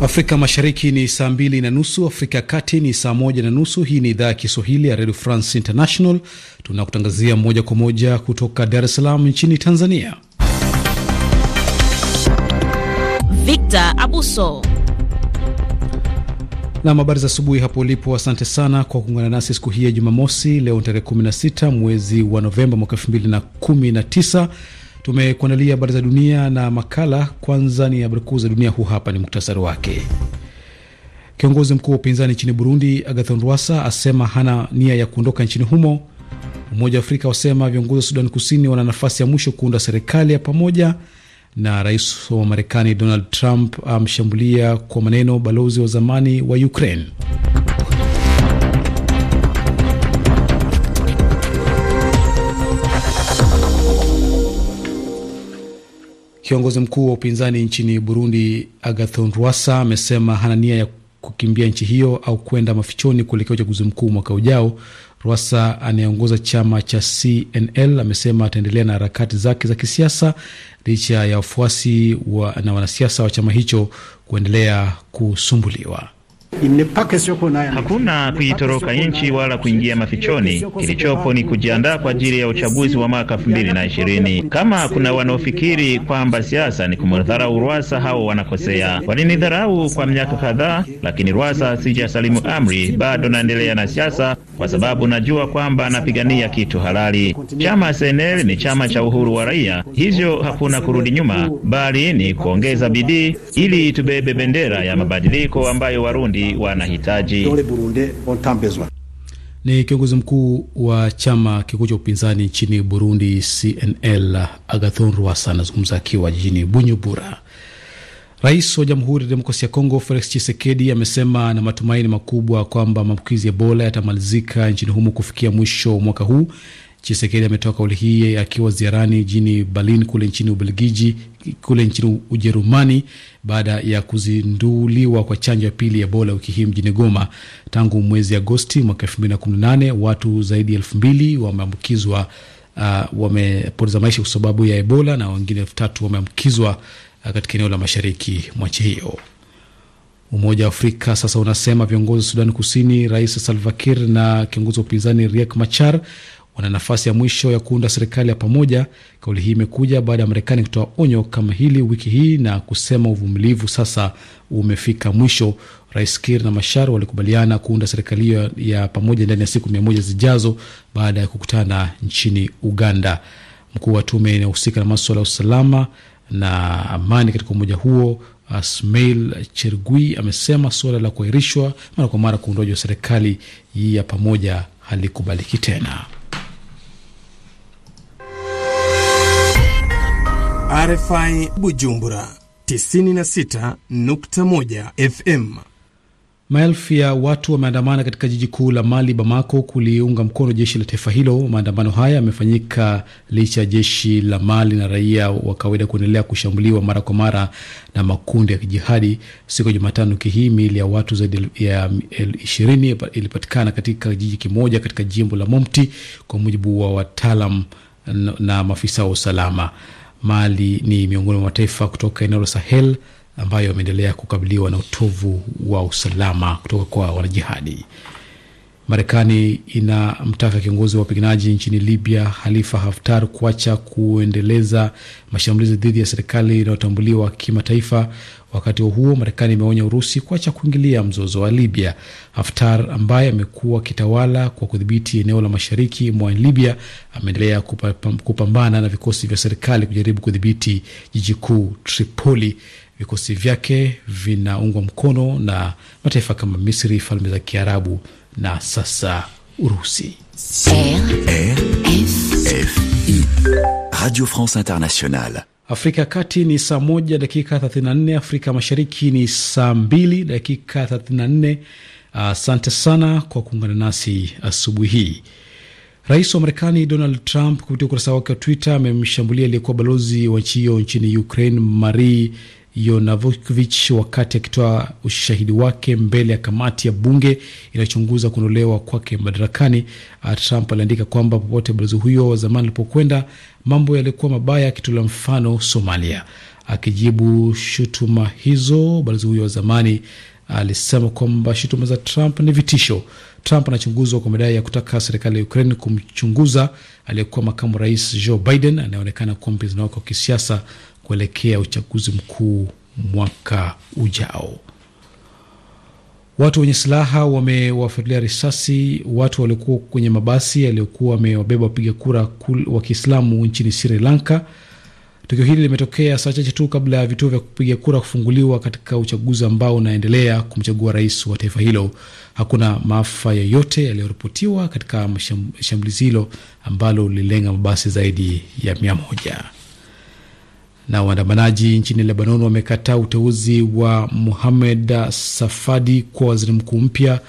Afrika Mashariki ni saa mbili na nusu, Afrika ya Kati ni saa moja na nusu. Hii ni idhaa ya Kiswahili ya Radio France International, tunakutangazia moja kwa moja kutoka Dar es Salaam nchini Tanzania. Victor Abuso nam, habari za asubuhi hapo ulipo. Asante sana kwa kuungana nasi siku hii ya Jumamosi, leo tarehe 16 mwezi wa Novemba mwaka 2019. Tumekuandalia habari za dunia na makala. Kwanza ni habari kuu za dunia, huu hapa ni muktasari wake. Kiongozi mkuu wa upinzani nchini Burundi Agathon Rwasa asema hana nia ya kuondoka nchini humo. Umoja wa Afrika wasema viongozi wa Sudan Kusini wana nafasi ya mwisho kuunda serikali ya pamoja. Na rais wa Marekani Donald Trump amshambulia kwa maneno balozi wa zamani wa Ukraine. Kiongozi mkuu wa upinzani nchini Burundi, Agathon Rwasa, amesema hana nia ya kukimbia nchi hiyo au kwenda mafichoni kuelekea uchaguzi mkuu mwaka ujao. Rwasa anayeongoza chama cha CNL amesema ataendelea na harakati zake za kisiasa licha ya wafuasi wa na wanasiasa wa chama hicho kuendelea kusumbuliwa. Hakuna kuitoroka nchi wala kuingia mafichoni. Kilichopo ni kujiandaa kwa ajili ya uchaguzi wa mwaka elfu mbili na ishirini. Kama kuna wanaofikiri kwamba siasa ni kumdharau Rwasa, hao wanakosea. Walinidharau kwa miaka kadhaa, lakini Rwasa sijasalimu amri, bado naendelea na siasa kwa sababu najua kwamba anapigania kitu halali. Chama cnl ni chama cha uhuru wa raia, hivyo hakuna kurudi nyuma, bali ni kuongeza bidii ili tubebe bendera ya mabadiliko ambayo Warundi Burundi wanahitaji. Ni kiongozi mkuu wa chama kikuu cha upinzani nchini Burundi, CNL, Agathon Rwasa anazungumza akiwa jijini Bunyubura. Rais wa Jamhuri ya Demokrasia ya Kongo Felix Tshisekedi amesema na matumaini makubwa kwamba maambukizi ya Ebola yatamalizika nchini humo kufikia mwisho wa mwaka huu Chisekedi ametoa kauli hii akiwa ziarani jini Berlin kule nchini Ubelgiji, kule nchini Ujerumani baada ya kuzinduliwa kwa chanjo ya pili ya Ebola wiki hii mjini Goma. Tangu mwezi Agosti mwaka 2018 watu zaidi ya elfu mbili wameambukizwa uh, wamepoteza maisha kwa sababu ya Ebola na wengine elfu tatu wameambukizwa uh, katika eneo la mashariki mwa nchi hiyo. Umoja wa Afrika sasa unasema viongozi wa Kusini, Rais Salva Kiir na kiongozi wa upinzani Riek Machar wana nafasi ya mwisho ya kuunda serikali ya pamoja. Kauli hii imekuja baada ya Marekani kutoa onyo kama hili wiki hii na kusema uvumilivu sasa umefika mwisho. Rais Kir na Mashar walikubaliana kuunda serikali hiyo ya pamoja ndani ya siku mia moja zijazo baada ya kukutana nchini Uganda. Mkuu wa tume inayohusika na maswala ya usalama na amani katika umoja huo Smail Chergui amesema suala la kuahirishwa mara kwa mara kuundwaji wa serikali hii ya pamoja halikubaliki tena. RFI Bujumbura 96.1 FM. Maelfu ya watu wameandamana katika jiji kuu la Mali, Bamako, kuliunga mkono jeshi la taifa hilo. Maandamano haya yamefanyika licha ya jeshi la Mali na raia wa kawaida kuendelea kushambuliwa mara kwa mara na makundi ya kijihadi. Siku ya Jumatano wiki hii, miili ya watu zaidi ya ishirini ilipatikana katika kijiji kimoja katika jimbo la Momti, kwa mujibu wa wataalam na maafisa wa usalama. Mali ni miongoni mwa mataifa kutoka eneo la Sahel ambayo yameendelea kukabiliwa na utovu wa usalama kutoka kwa wanajihadi. Marekani inamtaka kiongozi wa wapiganaji nchini Libya halifa Haftar kuacha kuendeleza mashambulizi dhidi ya serikali inayotambuliwa kimataifa, Wakati huo Marekani imeonya Urusi kuacha kuingilia mzozo wa Libya. Haftar ambaye amekuwa akitawala kwa kudhibiti eneo la mashariki mwa Libya ameendelea kupambana na vikosi vya serikali kujaribu kudhibiti jiji kuu Tripoli. Vikosi vyake vinaungwa mkono na mataifa kama Misri, Falme za Kiarabu na sasa Urusi. Radio France Internationale. Afrika ya Kati ni saa moja dakika 34, Afrika Mashariki ni saa mbili dakika 34. Asante uh, sana kwa kuungana nasi asubuhi hii. Rais wa Marekani Donald Trump kupitia ukurasa wake wa Twitter amemshambulia aliyekuwa balozi wa nchi hiyo nchini Ukraine Marie Yonavokvich wakati akitoa ushahidi wake mbele ya kamati ya bunge inayochunguza kuondolewa kwake madarakani. Ah, Trump aliandika kwamba popote balozi huyo wa zamani alipokwenda, mambo yalikuwa mabaya, akitolea mfano Somalia. Akijibu shutuma hizo, balozi huyo wa zamani alisema kwamba shutuma za Trump ni vitisho. Trump anachunguzwa kwa madai ya kutaka serikali ya Ukraine kumchunguza aliyekuwa makamu rais Joe Biden anayeonekana kuwa mpinzani wake wa kisiasa kuelekea uchaguzi mkuu mwaka ujao. Watu wenye silaha wamewafyatulia risasi watu waliokuwa kwenye mabasi yaliyokuwa wamewabeba wapiga kura wa Kiislamu nchini Sri Lanka. Tukio hili limetokea saa chache tu kabla ya vituo vya kupiga kura kufunguliwa katika uchaguzi ambao unaendelea kumchagua rais wa taifa hilo. Hakuna maafa yoyote yaliyoripotiwa katika shambulizi hilo ambalo lililenga mabasi zaidi ya mia moja. Na waandamanaji nchini Lebanon wamekataa uteuzi wa Muhamed Safadi kuwa waziri mkuu mpya,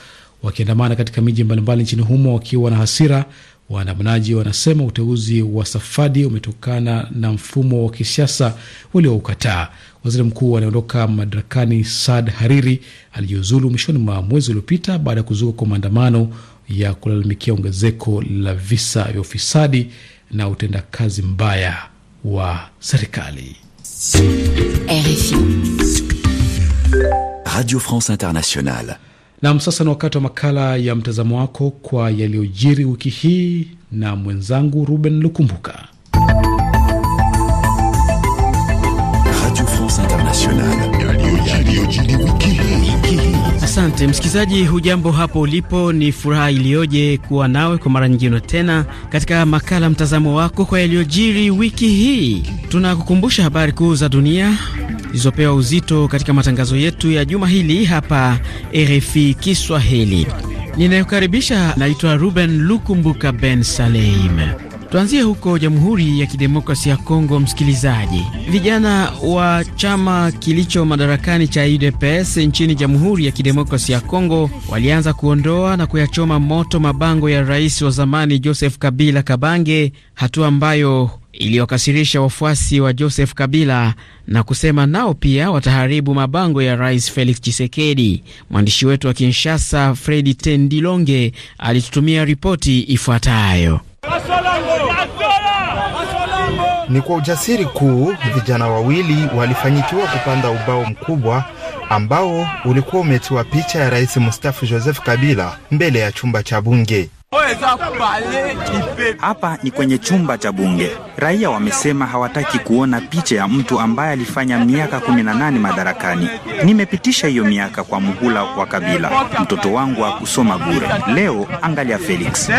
wakiandamana katika miji mbalimbali nchini humo wakiwa na hasira. Waandamanaji wanasema uteuzi wa Safadi umetokana na mfumo wa kisiasa ulioukataa. Waziri mkuu anayeondoka madarakani Saad Hariri alijiuzulu mwishoni mwa mwezi uliopita baada ya kuzuka kwa maandamano ya kulalamikia ongezeko la visa vya ufisadi na utendakazi mbaya wa serikali. RFI Radio France Internationale. Nam, sasa ni wakati wa makala ya mtazamo wako kwa yaliyojiri wiki hii na mwenzangu Ruben Lukumbuka, Radio France Internationale. Asante msikilizaji, hujambo hapo ulipo? Ni furaha iliyoje kuwa nawe kwa mara nyingine tena katika makala mtazamo wako kwa yaliyojiri wiki hii. Tunakukumbusha habari kuu za dunia zilizopewa uzito katika matangazo yetu ya juma hili hapa RFI Kiswahili. Ninayokaribisha naitwa Ruben Lukumbuka Ben Saleim. Tuanzie huko Jamhuri ya Kidemokrasia ya Kongo, msikilizaji. Vijana wa chama kilicho madarakani cha UDPS nchini Jamhuri ya Kidemokrasia ya Kongo walianza kuondoa na kuyachoma moto mabango ya rais wa zamani Joseph Kabila Kabange, hatua ambayo iliyokasirisha wafuasi wa Joseph Kabila na kusema nao pia wataharibu mabango ya Rais Felix Tshisekedi. Mwandishi wetu wa Kinshasa Fredi Tendilonge alitutumia ripoti ifuatayo. Ni kwa ujasiri kuu vijana wawili walifanyikiwa kupanda ubao mkubwa ambao ulikuwa umetiwa picha ya Rais mstaafu Joseph Kabila mbele ya chumba cha bunge. Hapa ni kwenye chumba cha bunge. Raia wamesema hawataki kuona picha ya mtu ambaye alifanya miaka 18 madarakani. Nimepitisha hiyo miaka kwa muhula wa Kabila, mtoto wangu akusoma bure. Leo angalia Felix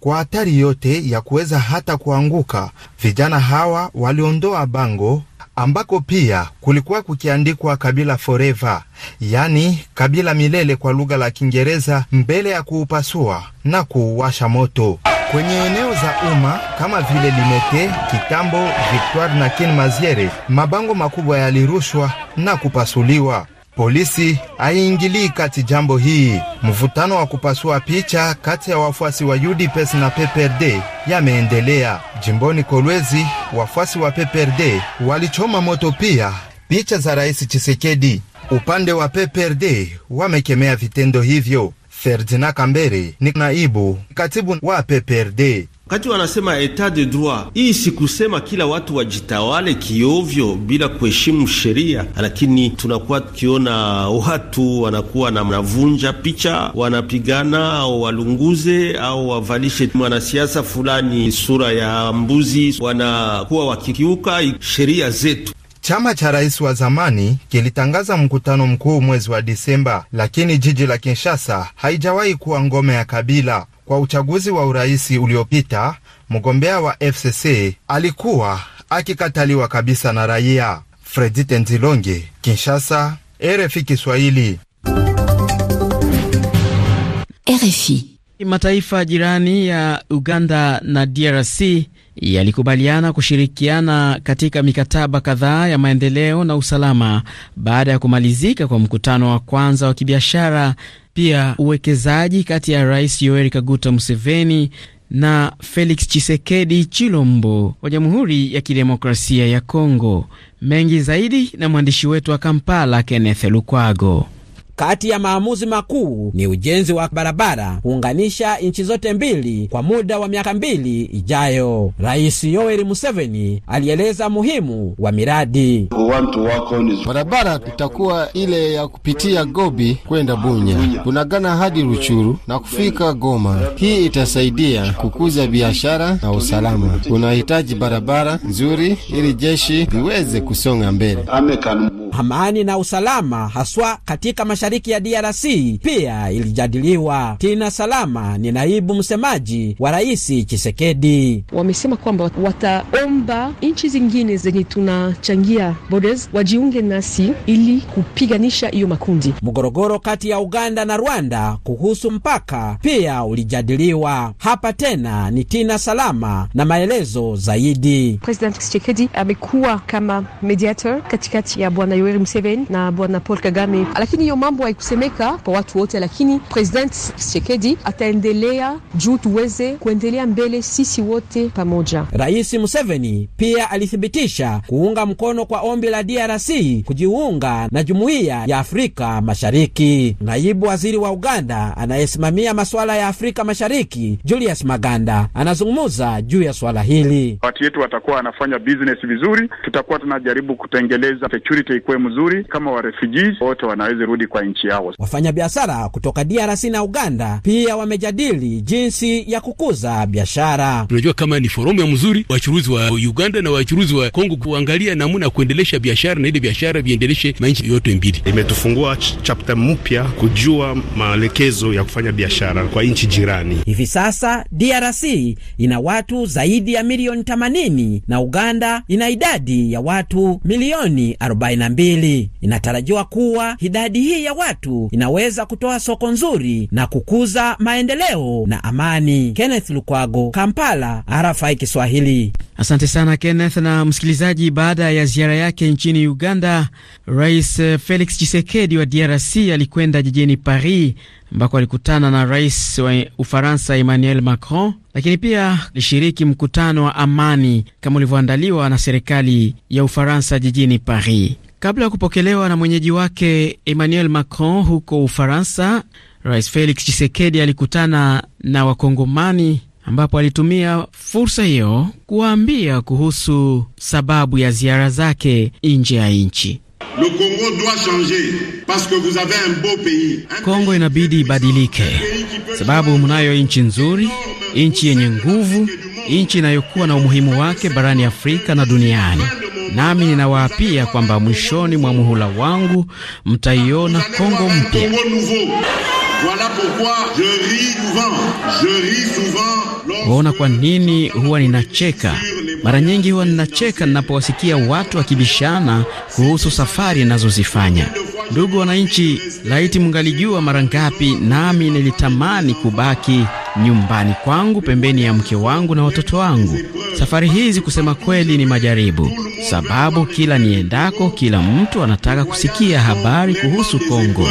kwa hatari yote ya kuweza hata kuanguka. Vijana hawa waliondoa bango ambako pia kulikuwa kukiandikwa kabila forever, yaani kabila milele kwa lugha la Kiingereza, mbele ya kuupasua na kuuwasha moto kwenye eneo za umma kama vile Limete, Kitambo, Victoire na kin Maziere. Mabango makubwa yalirushwa na kupasuliwa polisi haiingilii kati jambo hii. Mvutano wa kupasua picha kati ya wafuasi wa UDPS na PPRD yameendelea jimboni Kolwezi. Wafuasi wa PPRD walichoma moto pia picha za Rais Chisekedi. Upande wa PPRD wamekemea vitendo hivyo. Ferdinand Kambere ni naibu katibu wa PPRD wakati wanasema etat de droit, hii si kusema kila watu wajitawale kiovyo bila kuheshimu sheria, lakini tunakuwa tukiona watu wanakuwa na mnavunja picha, wanapigana au walunguze au wavalishe mwanasiasa fulani sura ya mbuzi, wanakuwa wakikiuka sheria zetu. Chama cha rais wa zamani kilitangaza mkutano mkuu mwezi wa Disemba, lakini jiji la Kinshasa haijawahi kuwa ngome ya Kabila. Kwa uchaguzi wa urais uliopita, mgombea wa FCC alikuwa akikataliwa kabisa na raia. Fredi Tenzilonge, Kinshasa, RFI Kiswahili. RFI. Mataifa jirani ya Uganda na DRC yalikubaliana kushirikiana katika mikataba kadhaa ya maendeleo na usalama baada ya kumalizika kwa mkutano wa kwanza wa kibiashara, pia uwekezaji kati ya Rais Yoweri Kaguta Museveni na Felix chisekedi Chilombo wa Jamhuri ya Kidemokrasia ya Kongo. Mengi zaidi na mwandishi wetu wa Kampala Kenneth Lukwago kati ya maamuzi makuu ni ujenzi wa barabara kuunganisha nchi zote mbili kwa muda wa miaka mbili ijayo. Rais Yoweri Museveni alieleza muhimu wa miradi barabara, tutakuwa ile ya kupitia Gobi kwenda Bunya, kunagana hadi Ruchuru na kufika Goma. Hii itasaidia kukuza biashara na usalama. Unahitaji barabara nzuri ili jeshi liweze kusonga mbele. Amani na usalama haswa katika mashariki mashariki ya DRC pia ilijadiliwa. Tina Salama ni naibu msemaji wa Rais Chisekedi. Wamesema kwamba wataomba nchi zingine zenye tunachangia borders wajiunge nasi ili kupiganisha hiyo makundi. Mgorogoro kati ya Uganda na Rwanda kuhusu mpaka pia ulijadiliwa. Hapa tena ni Tina Salama na maelezo zaidi. President Chisekedi amekuwa kama mediator katikati ya Bwana Yoweri Museveni na Bwana Paul Kagame, lakini hiyo mambo mambo haikusemeka kwa watu wote, lakini President Tshisekedi ataendelea juu tuweze kuendelea mbele sisi wote pamoja. Rais Museveni pia alithibitisha kuunga mkono kwa ombi la DRC kujiunga na Jumuiya ya Afrika Mashariki. Naibu waziri wa Uganda anayesimamia masuala ya Afrika Mashariki Julius Maganda anazungumza juu ya swala hili. Watu yetu watakuwa wanafanya business vizuri, tutakuwa tunajaribu kutengeleza security ikuwe mzuri, kama wa refugees wote wanaweza rudi kwa kutoka nchi yao. Wafanyabiashara kutoka DRC na Uganda pia wamejadili jinsi ya kukuza biashara. Tunajua kama ni forumu ya mzuri wachuruzi wa Uganda na wachuruzi wa Kongo kuangalia namna ya kuendelesha biashara na ile biashara viendeleshe manchi yote mbili. Imetufungua chapter mpya kujua maelekezo ya kufanya biashara kwa nchi jirani. Hivi sasa DRC ina watu zaidi ya milioni 80 na Uganda ina idadi ya watu milioni 42. Inatarajiwa kuwa idadi hii ya watu inaweza kutoa soko nzuri na kukuza maendeleo na amani. Kenneth Lukwago, Kampala, RFI Kiswahili. Asante sana Kenneth. Na msikilizaji, baada ya ziara yake nchini Uganda, Rais Felix Tshisekedi wa DRC alikwenda jijini Paris ambako alikutana na rais wa Ufaransa Emmanuel Macron, lakini pia alishiriki mkutano wa amani kama ulivyoandaliwa na serikali ya Ufaransa jijini Paris. Kabla ya kupokelewa na mwenyeji wake Emmanuel Macron huko Ufaransa, Rais Felix Tshisekedi alikutana na Wakongomani ambapo alitumia fursa hiyo kuwaambia kuhusu sababu ya ziara zake nje ya nchi. Kongo inabidi ibadilike, sababu mnayo nchi nzuri, nchi yenye nguvu, nchi inayokuwa na umuhimu wake barani Afrika na duniani nami ninawaapia kwamba mwishoni mwa muhula wangu mtaiona Kongo mpya. Waona kwa nini huwa ninacheka? Mara nyingi huwa ninacheka ninapowasikia watu wakibishana kuhusu safari ninazozifanya. Ndugu wananchi, laiti mungalijua mara ngapi nami nilitamani kubaki nyumbani kwangu pembeni ya mke wangu na watoto wangu, Safari hizi kusema kweli ni majaribu, sababu kila niendako, kila mtu anataka kusikia habari kuhusu Kongo.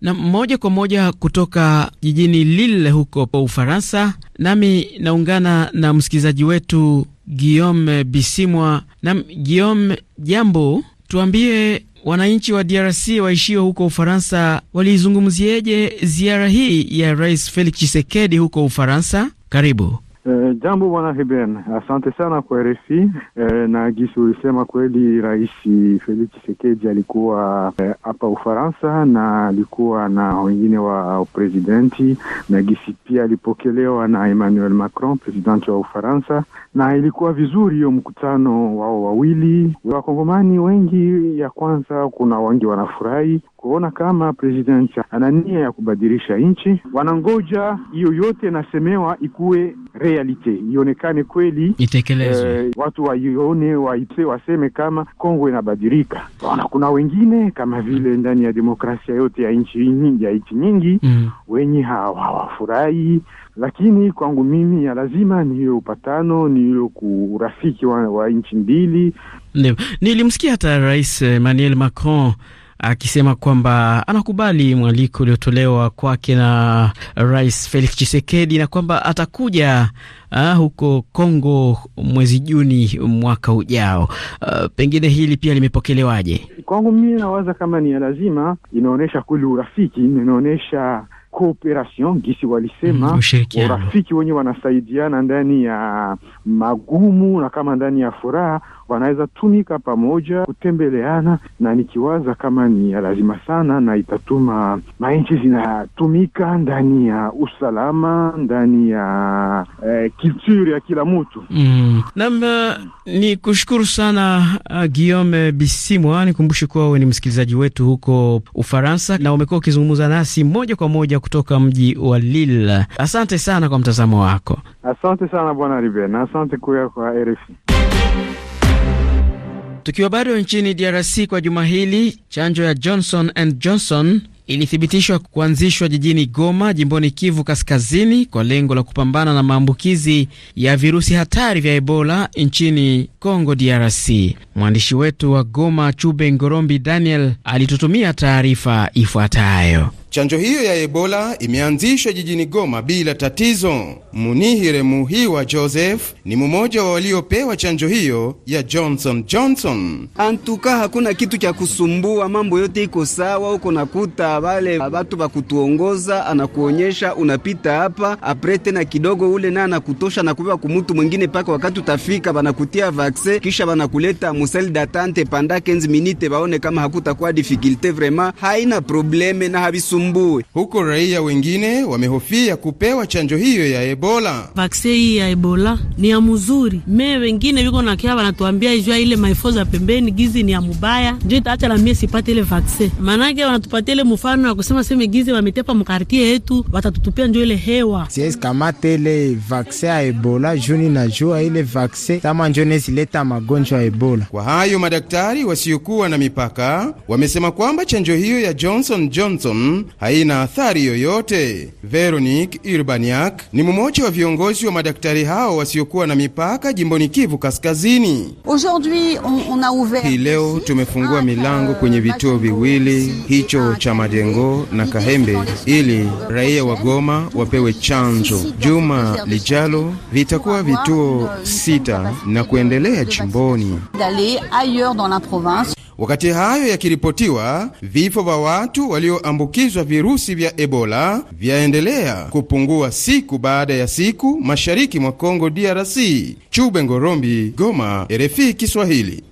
Na moja kwa moja kutoka jijini Lille huko po Ufaransa, nami naungana na msikilizaji wetu Guillaume Bisimwa. Na Guillaume, jambo, tuambie Wananchi wa DRC waishio huko Ufaransa waliizungumzieje ziara hii ya Rais Felix Tshisekedi huko Ufaransa? Karibu. E, jambo bwana Heben, asante sana kwa RFI. E, eh, na gisi ulisema kweli, Rais Felix chisekedi alikuwa eh, hapa e, Ufaransa na alikuwa na wengine wa presidenti, na gisi pia alipokelewa na Emmanuel Macron, presidenti wa Ufaransa, na ilikuwa vizuri hiyo mkutano wao wawili. Wakongomani wengi ya kwanza, kuna wengi wanafurahi kuona kama president ana nia ya kubadilisha nchi. Wanangoja hiyo yote inasemewa ikuwe realite, ionekane kweli, itekelezwe, eh, watu waione, waite, waseme kama Kongo inabadilika. Ona, kuna wengine kama vile ndani ya demokrasia yote ya nchi nyingi ya nchi nyingi mm, wenye hawafurahi lakini kwangu mimi ya lazima ni hiyo upatano, ni hiyo urafiki wa, wa nchi mbili. Ndio nilimsikia hata Rais Emmanuel Macron akisema kwamba anakubali mwaliko uliotolewa kwake na Rais Felix Tshisekedi na kwamba atakuja uh, huko Kongo mwezi Juni mwaka ujao. Uh, pengine hili pia limepokelewaje? Kwangu mimi nawaza kama ni ya lazima, inaonyesha kweli urafiki, inaonyesha cooperation gisi walisema mm, urafiki wenye wanasaidiana ndani ya magumu na kama ndani ya furaha wanaweza tumika pamoja kutembeleana, na nikiwaza kama ni lazima sana, na itatuma manchi zinatumika ndani ya usalama, ndani ya eh, kulture ya kila mtu mm. Nam eh, ni kushukuru sana uh, Guillaume Bisimwa. Nikumbushe kuwa wewe ni msikilizaji wetu huko Ufaransa na umekuwa ukizungumza nasi moja kwa moja kutoka mji wa Lille. Asante sana kwa mtazamo wako. Asante sana bwana Riben, asante kuya kwa RFI. Tukiwa bado nchini DRC, kwa juma hili chanjo ya Johnson and Johnson ilithibitishwa kuanzishwa jijini Goma, jimboni Kivu Kaskazini, kwa lengo la kupambana na maambukizi ya virusi hatari vya Ebola nchini Congo DRC. Mwandishi wetu wa Goma, Chube Ngorombi Daniel, alitutumia taarifa ifuatayo. Chanjo hiyo ya Ebola imeanzishwa jijini Goma bila tatizo. Munihire Muhiwa Joseph ni mmoja wa waliopewa chanjo hiyo ya Johnson Johnson. Antuka hakuna kitu cha kusumbua, mambo yote iko sawa. Uko nakuta wale watu wakutuongoza anakuonyesha unapita hapa, apre tena kidogo ule naye anakutosha na kumutu mwingine mpaka wakati utafika, banakutia vaksin kisha vanakuleta musel datante panda 15 minute baone kama hakutakuwa difikilte. Vrema haina probleme na habisu hawasumbui, huko raia wengine wamehofia kupewa chanjo hiyo ya Ebola. Vaksin hii ya Ebola ni ya mzuri, me wengine viko na kia wanatuambia ijua ile maifo za pembeni gizi ni ya mubaya, njo itaacha na mie sipate ile vaksin. Maanake wanatupatia ile mfano ya kusema seme gizi wametepa mkartie yetu watatutupia njo ile hewa. Siwezi kamate ile vaksin ya Ebola juni najua ile vaksin tama njo nezileta magonjwa ya Ebola. Kwa hayo madaktari wasiokuwa na mipaka wamesema kwamba chanjo hiyo ya Johnson Johnson haina athari yoyote. Veronique Urbaniak ni mmoja wa viongozi wa madaktari hao wasiokuwa na mipaka jimboni Kivu Kaskazini. Hii leo tumefungua milango kwenye euh, vituo viwili, hicho cha Majengo na Kahembe, ili raia wa Goma wapewe chanjo. Juma lijalo vitakuwa vituo sita na kuendelea jimboni. Wakati hayo yakiripotiwa, vifo vya watu walioambukizwa virusi vya Ebola vyaendelea kupungua siku baada ya siku mashariki mwa Kongo DRC. Chube Ngorombi, Goma, RFI Kiswahili.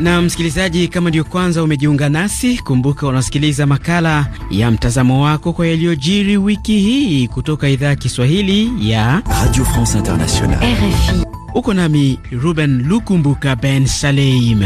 Na msikilizaji, kama ndiyo kwanza umejiunga nasi, kumbuka unasikiliza makala ya mtazamo wako kwa yaliyojiri wiki hii kutoka idhaa ya Kiswahili ya Radio France Internationale, RFI. Uko nami Ruben Lukumbuka Ben Saleim.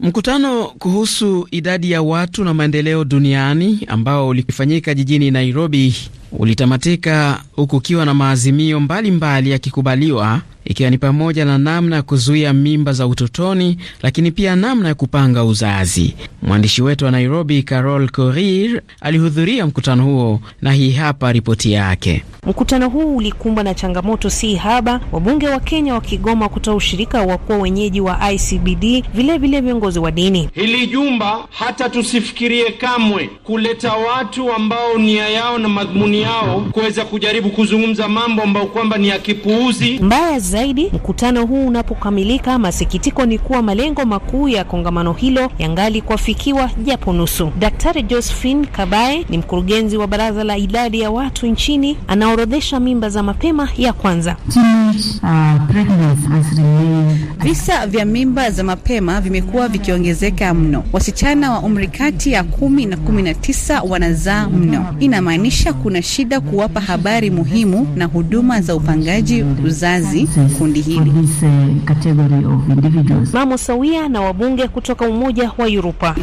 Mkutano kuhusu idadi ya watu na maendeleo duniani ambao ulifanyika jijini Nairobi ulitamatika huku ukiwa na maazimio mbalimbali yakikubaliwa ikiwa ni pamoja na namna ya kuzuia mimba za utotoni, lakini pia namna ya kupanga uzazi. Mwandishi wetu wa Nairobi, Carol Korir, alihudhuria mkutano huo na hii hapa ripoti yake. Mkutano huu ulikumbwa na changamoto si haba, wabunge wa Kenya wakigoma kutoa ushirika wa kuwa wenyeji wa ICBD, vilevile viongozi wa dini. Hili jumba hata tusifikirie kamwe kuleta watu ambao nia yao na madhumuni yao kuweza kujaribu kuzungumza mambo ambayo kwamba ni ya kipuuzi. Mbaya zaidi, mkutano huu unapokamilika, masikitiko ni kuwa malengo makuu ya kongamano hilo yangali kuafikiwa japo nusu. Daktari Josephine Kabae ni mkurugenzi wa baraza la idadi ya watu nchini, anaorodhesha mimba za mapema ya kwanza. Visa vya mimba za mapema vimekuwa vikiongezeka mno. Wasichana wa umri kati ya kumi na kumi na tisa wanazaa mno, inamaanisha kuna shida kuwapa habari muhimu na huduma za upangaji uzazi kundi hili. Uh, Mamo sawia na wabunge kutoka Umoja wa Yuropa.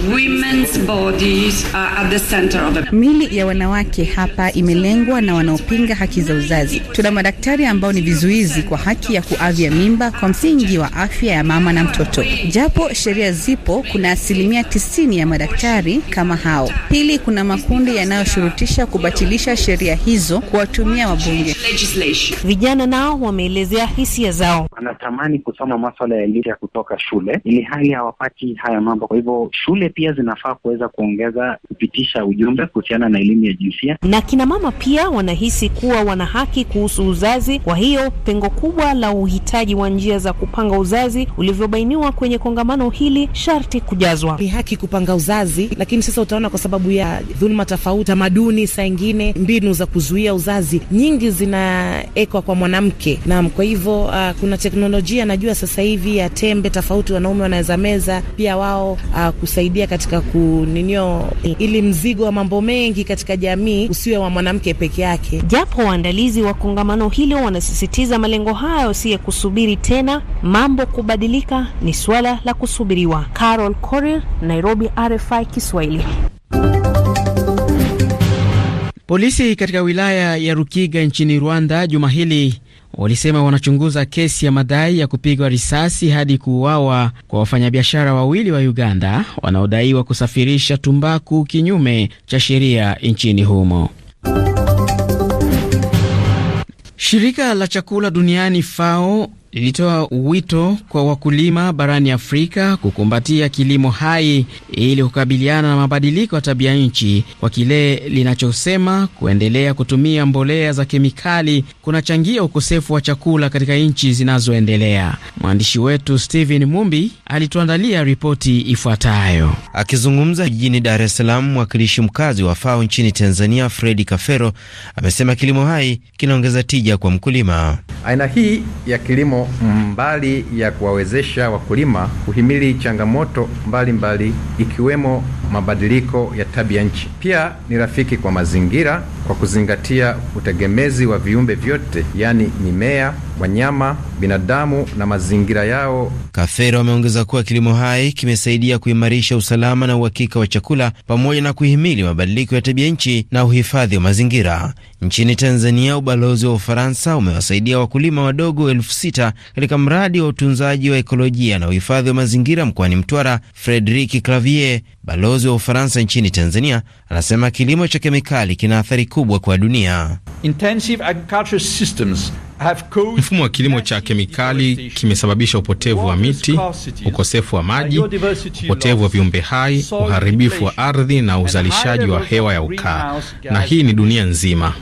Mili ya wanawake hapa imelengwa na wanaopinga haki za uzazi. Tuna madaktari ambao ni vizuizi kwa haki ya kuavya mimba kwa msingi wa afya ya mama na mtoto. Japo sheria zipo, kuna asilimia tisini ya madaktari kama hao. Pili, kuna makundi yanayoshurutisha kubatilisha sheria sheria hizo kuwatumia wabunge. Vijana nao wameelezea hisia zao, wanatamani kusoma maswala ya elimu ya kutoka shule, ili hali hawapati haya mambo. Kwa hivyo shule pia zinafaa kuweza kuongeza kupitisha ujumbe kuhusiana na elimu ya jinsia, na kina mama pia wanahisi kuwa wana haki kuhusu uzazi. Kwa hiyo pengo kubwa la uhitaji wa njia za kupanga uzazi ulivyobainiwa kwenye kongamano hili sharti kujazwa. Ni haki kupanga uzazi, lakini sasa utaona kwa sababu ya dhuluma tofauti, tamaduni, saa ingine mbinu za kuzuia uzazi nyingi zinaekwa kwa mwanamke. nam kwa hivyo uh, kuna teknolojia najua sasa hivi ya tembe tofauti wanaume wanaweza meza pia wao uh, kusaidia katika kuninio, ili mzigo wa mambo mengi katika jamii usiwe wa mwanamke peke yake. Japo waandalizi wa kongamano hilo wanasisitiza malengo hayo si ya kusubiri tena mambo kubadilika, ni suala la kusubiriwa. Carol Korir, Nairobi, RFI Kiswahili. Polisi katika wilaya ya Rukiga nchini Rwanda juma hili walisema wanachunguza kesi ya madai ya kupigwa risasi hadi kuuawa kwa wafanyabiashara wawili wa Uganda wanaodaiwa kusafirisha tumbaku kinyume cha sheria nchini humo. Shirika la chakula duniani FAO lilitoa wito kwa wakulima barani Afrika kukumbatia kilimo hai ili kukabiliana na mabadiliko ya tabia nchi kwa kile linachosema kuendelea kutumia mbolea za kemikali kunachangia ukosefu wa chakula katika nchi zinazoendelea. Mwandishi wetu stephen Mumbi alituandalia ripoti ifuatayo. Akizungumza jijini Dar es Salaam, mwakilishi mkazi wa FAO nchini Tanzania Fredi Kafero amesema kilimo hai kinaongeza tija kwa mkulima. Aina hii ya kilimo mbali ya kuwawezesha wakulima kuhimili changamoto mbalimbali mbali, ikiwemo mabadiliko ya tabia nchi. Pia ni rafiki kwa mazingira kwa kuzingatia utegemezi wa viumbe vyote, yaani mimea, wanyama binadamu na mazingira yao. Kafero ameongeza kuwa kilimo hai kimesaidia kuimarisha usalama na uhakika wa chakula pamoja na kuhimili mabadiliko ya tabia nchi na uhifadhi wa mazingira. Nchini Tanzania, ubalozi wa Ufaransa umewasaidia wakulima wadogo elfu sita katika mradi wa utunzaji wa ekolojia na uhifadhi wa mazingira mkoani Mtwara. Frederic Clavier, balozi wa Ufaransa nchini Tanzania, anasema kilimo cha kemikali kina athari kubwa kwa dunia. Intensive systems Mfumo wa kilimo cha kemikali kimesababisha upotevu wa miti, ukosefu wa maji, upotevu wa viumbe hai, uharibifu wa ardhi na uzalishaji wa hewa ya ukaa, na hii ni dunia nzima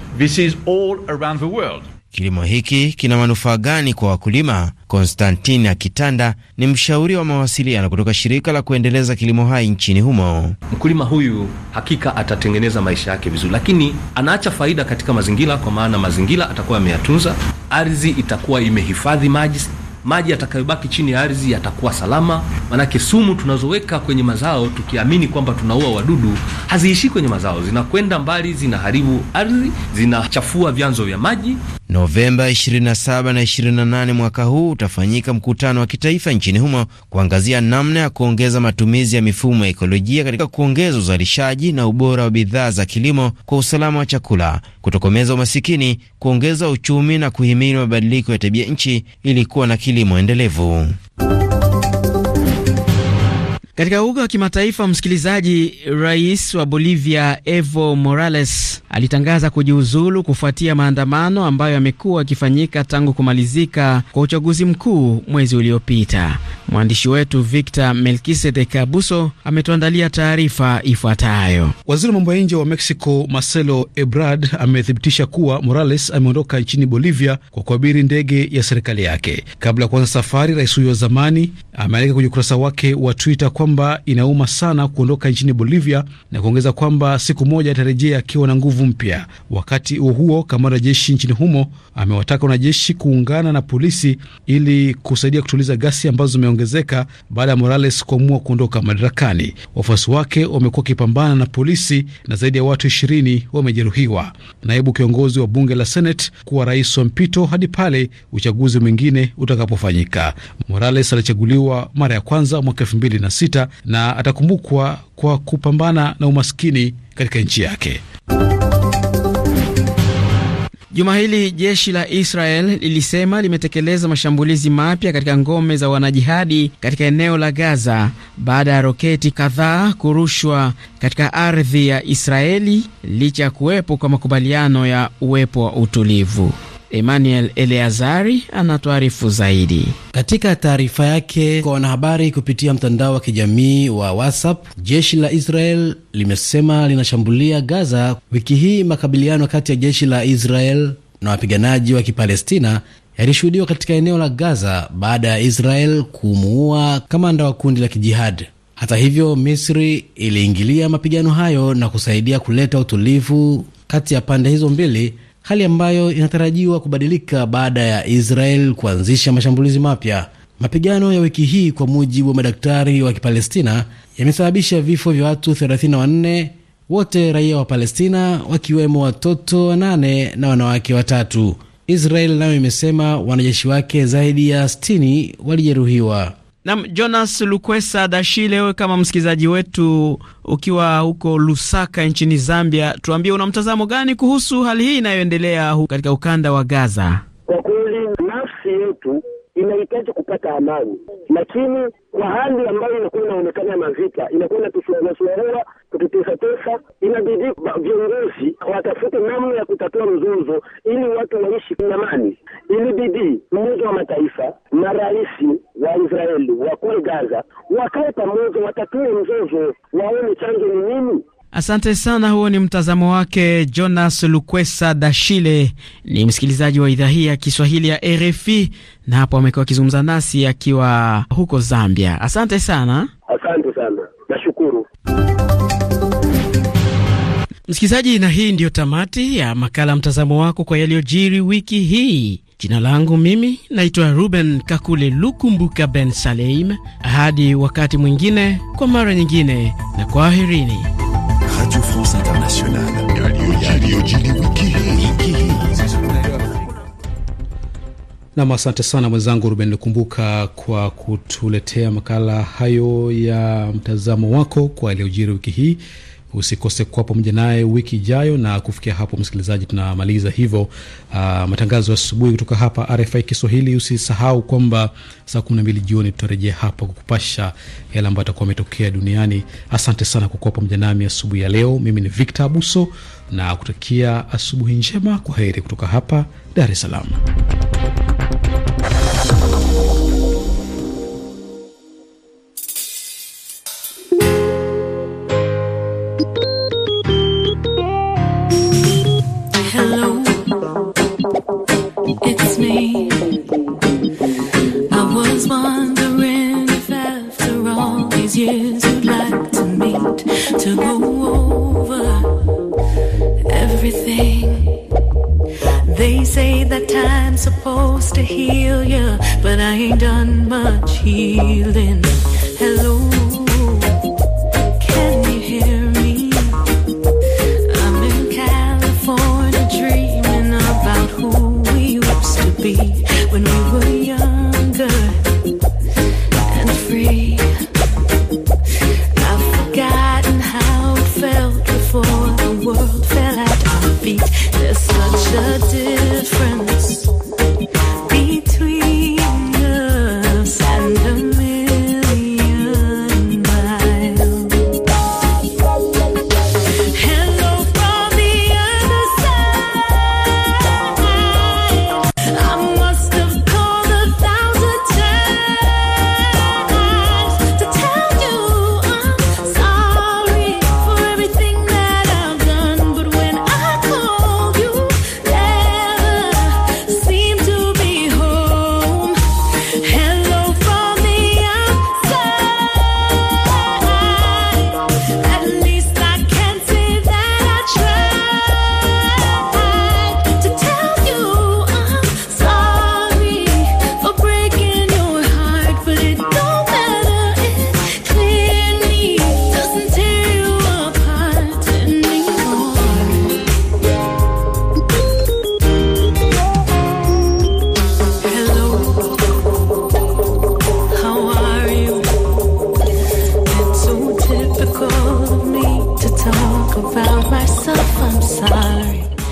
kilimo hiki kina manufaa gani kwa wakulima? Konstantin Akitanda ni mshauri wa mawasiliano kutoka shirika la kuendeleza kilimo hai nchini humo. Mkulima huyu hakika atatengeneza maisha yake vizuri, lakini anaacha faida katika mazingira, kwa maana mazingira atakuwa ameyatunza, ardhi itakuwa imehifadhi maji maji yatakayobaki chini ya ardhi yatakuwa salama, manake sumu tunazoweka kwenye mazao tukiamini kwamba tunaua wadudu haziishi kwenye mazao, zinakwenda mbali, zinaharibu ardhi, zinachafua vyanzo vya maji. Novemba 27 na 28 mwaka huu utafanyika mkutano wa kitaifa nchini humo kuangazia namna ya kuongeza matumizi ya mifumo ya ekolojia katika kuongeza uzalishaji na ubora wa bidhaa za kilimo kwa usalama wa chakula, kutokomeza umasikini, kuongeza uchumi na kuhimili mabadiliko ya tabia nchi ili kuwa na kilimo kilimo endelevu. Katika uga wa kimataifa, msikilizaji, rais wa Bolivia Evo Morales alitangaza kujiuzulu kufuatia maandamano ambayo yamekuwa yakifanyika tangu kumalizika kwa uchaguzi mkuu mwezi uliopita. Mwandishi wetu Victor Melkisedek Abuso ametuandalia taarifa ifuatayo. Waziri wa mambo ya nje wa Mexico Marcelo Ebrard amethibitisha kuwa Morales ameondoka nchini Bolivia kwa kuabiri ndege ya serikali yake. Kabla ya kuanza safari, rais huyo wa zamani ameandika kwenye ukurasa wake wa Twitter kwa kwamba inauma sana kuondoka nchini Bolivia na kuongeza kwamba siku moja atarejea akiwa na nguvu mpya. Wakati huo huo, kamanda wa jeshi nchini humo amewataka wanajeshi kuungana na polisi ili kusaidia kutuliza gasi ambazo zimeongezeka baada ya Morales kuamua kuondoka madarakani. Wafuasi wake wamekuwa wakipambana na polisi na zaidi ya watu ishirini wamejeruhiwa. Naibu kiongozi wa bunge la Senate kuwa rais wa mpito hadi pale uchaguzi mwingine utakapofanyika. Morales alichaguliwa mara ya kwanza mwaka elfu mbili na sita iliyopita na atakumbukwa kwa kupambana na umaskini katika nchi yake. Juma hili jeshi la Israel lilisema limetekeleza mashambulizi mapya katika ngome za wanajihadi katika eneo la Gaza baada ya roketi kadhaa kurushwa katika ardhi ya Israeli licha ya kuwepo kwa makubaliano ya uwepo wa utulivu. Emmanuel Eleazari anatuarifu zaidi. Katika taarifa yake kwa wanahabari kupitia mtandao wa kijamii wa WhatsApp, jeshi la Israel limesema linashambulia Gaza wiki hii. Makabiliano kati ya jeshi la Israel na wapiganaji wa Kipalestina yalishuhudiwa katika eneo la Gaza baada ya Israel kumuua kamanda wa kundi la kijihadi. Hata hivyo, Misri iliingilia mapigano hayo na kusaidia kuleta utulivu kati ya pande hizo mbili hali ambayo inatarajiwa kubadilika baada ya Israel kuanzisha mashambulizi mapya. Mapigano ya wiki hii kwa mujibu wa madaktari wa Kipalestina yamesababisha vifo vya watu 34 wote raia wa Palestina wakiwemo watoto wanane na wanawake watatu. Israel nayo imesema wanajeshi wake zaidi ya 60 walijeruhiwa. Nam Jonas Lukwesa dashile wewe kama msikilizaji wetu ukiwa huko Lusaka nchini Zambia, tuambie una mtazamo gani kuhusu hali hii inayoendelea katika ukanda wa Gaza? Kwa kweli nafsi yetu inahitaji kupata amani, lakini kwa hali ambayo inakuwa inaonekana na vita inakuwa inatusuauaua kututesatesa, inabidi viongozi watafute namna ya kutatua mzozo ili watu waishi amani. Ili bidii Umoja wa Mataifa na rais wa Israeli wa kule Gaza wakae pamoja, watatue mzozo, waone chanzo ni nini. Asante sana. Huo ni mtazamo wake Jonas Lukwesa Dashile, ni msikilizaji wa idhaa hii ya Kiswahili ya RFI, na hapo amekuwa akizungumza nasi akiwa huko Zambia. Asante sana. Asante sana, nashukuru msikilizaji, na hii ndiyo tamati ya makala mtazamo wako kwa yaliyojiri wiki hii. Jina langu mimi naitwa Ruben Kakule Lukumbuka Ben Saleim. Hadi wakati mwingine, kwa mara nyingine, na kwaherini. Radio France Internationale. Nam, asante sana mwenzangu Ruben Lukumbuka kwa kutuletea makala hayo ya mtazamo wako kwa yaliyojiri wiki hii. Usikose kuwa pamoja naye wiki ijayo. Na kufikia hapo, msikilizaji, tunamaliza hivyo uh, matangazo ya asubuhi kutoka hapa RFI Kiswahili. Usisahau kwamba saa kumi na mbili jioni tutarejea hapa kukupasha yale ambayo atakuwa ametokea duniani. Asante sana kwa kuwa pamoja nami asubuhi ya leo. Mimi ni Victor Abuso na kutakia asubuhi njema. Kwa heri kutoka hapa Dar es Salaam.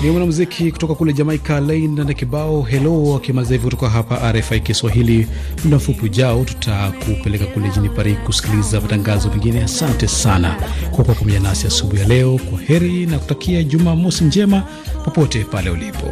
ni mwanamuziki kutoka kule Jamaika, Lain na kibao helo akimaliza hivyo kutoka hapa RFI Kiswahili. Muda mfupi ujao tutakupeleka kule jini Paris kusikiliza matangazo mengine. Asante sana kwa kuwa pamoja nasi asubuhi ya leo. Kwa heri na kutakia Jumamosi njema popote pale ulipo.